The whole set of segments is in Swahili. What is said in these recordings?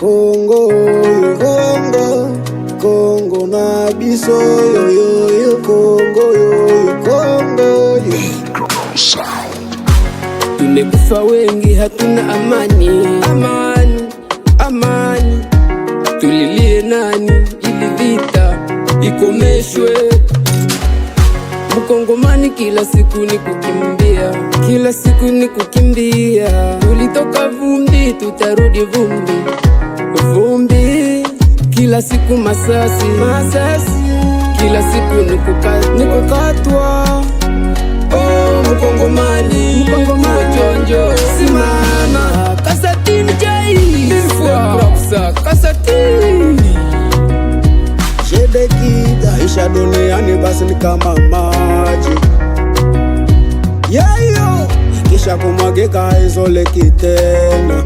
Kongo Kongo Kongo na biso yo Kongo yoyo Kongo tumekufa wengi, hatuna amani amani amani, tulilie nani ili vita ikomeshwe? Mkongomani kila siku ni kukimbia, kila siku ni kukimbia, tulitoka vumbi tutarudi vumbi vumbi kila siku masasi, masasi. Kila siku nikukatwa oh, Mkongomani chonjo simama isha duniani basi ni kama maji yayo kisha kumwagika haizoleki tena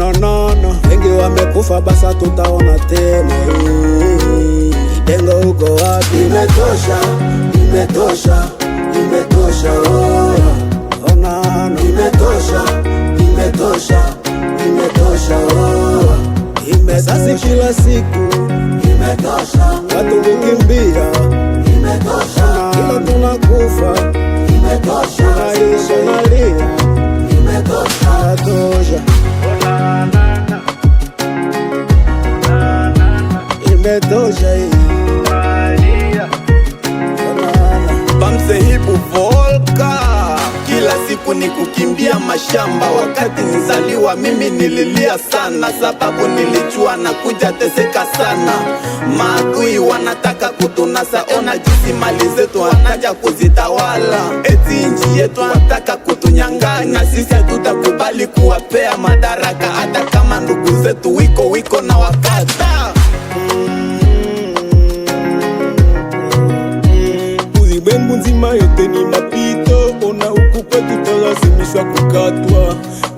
no, no, no. Wengi wamekufa basa, tutaona tena. Dengo uko wapi? Imetosha, imetosha, imetosha, oh. Ona, oh, no. Imetosha, imetosha, imetosha, oh. Imesasi kila siku sababu ni kukimbia mashamba. Wakati nizaliwa mimi nililia sana, sababu nilichua na kuja teseka sana. Maadui wanataka kutunasa, ona jisi mali zetu wanaja kuzitawala. Eti nji yetu wanataka kutunyang'anya, sisi hatutakubali kuwapea madaraka, hata kama ndugu zetu wiko wiko na wakati tutalazimishwa kukatwa.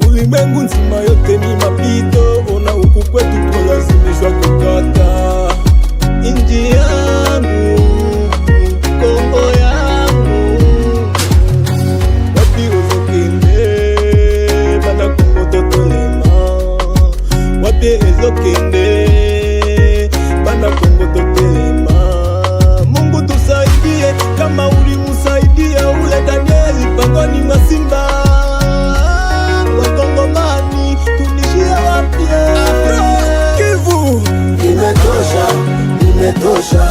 Ulimwengu nzima yote ni mapito, ona huku kwetu tutalazimishwa kukata. Inji yangu Kongo yangu ezokende bana Kongo totelema. Mungu tusaidie kama uli Imetosha,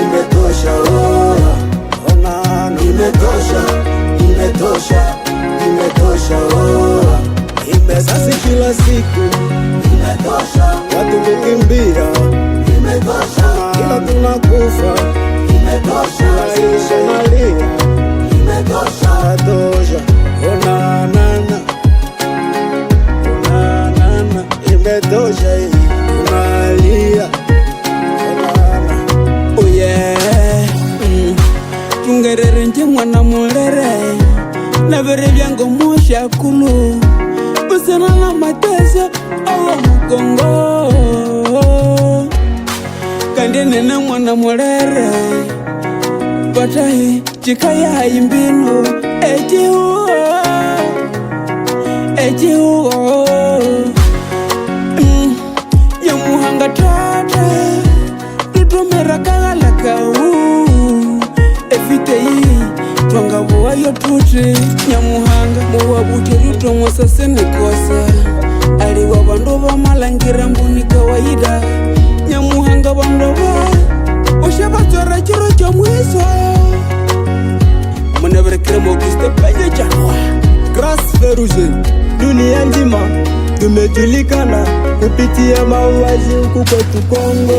imetosha, oh, imetosha, imetosha, imetosha, oh, imesasi kila siku imetosha, watu kukimbia imetosha, kila tunakufa imetosha, maisha nalia nje mwana mulere na vere vyango moshakulu usana na mateso awa mukongo kandi nene mwana mulere patai chikayayi mbinu ejiwo ejiwo mm, yamuhanga tata tutumirakagala yotuthe nyamuhanga muwabuthi lutongo sasenikosa aliwa vandu bandu malangira mbuni kawaida nyamuhanga vandu va ushe vatswera ciro ca mwiso muneverekile mokisto penye canwa gras ferugin dunia nzima tumejulikana kupitia mauaji huku kwetu kongo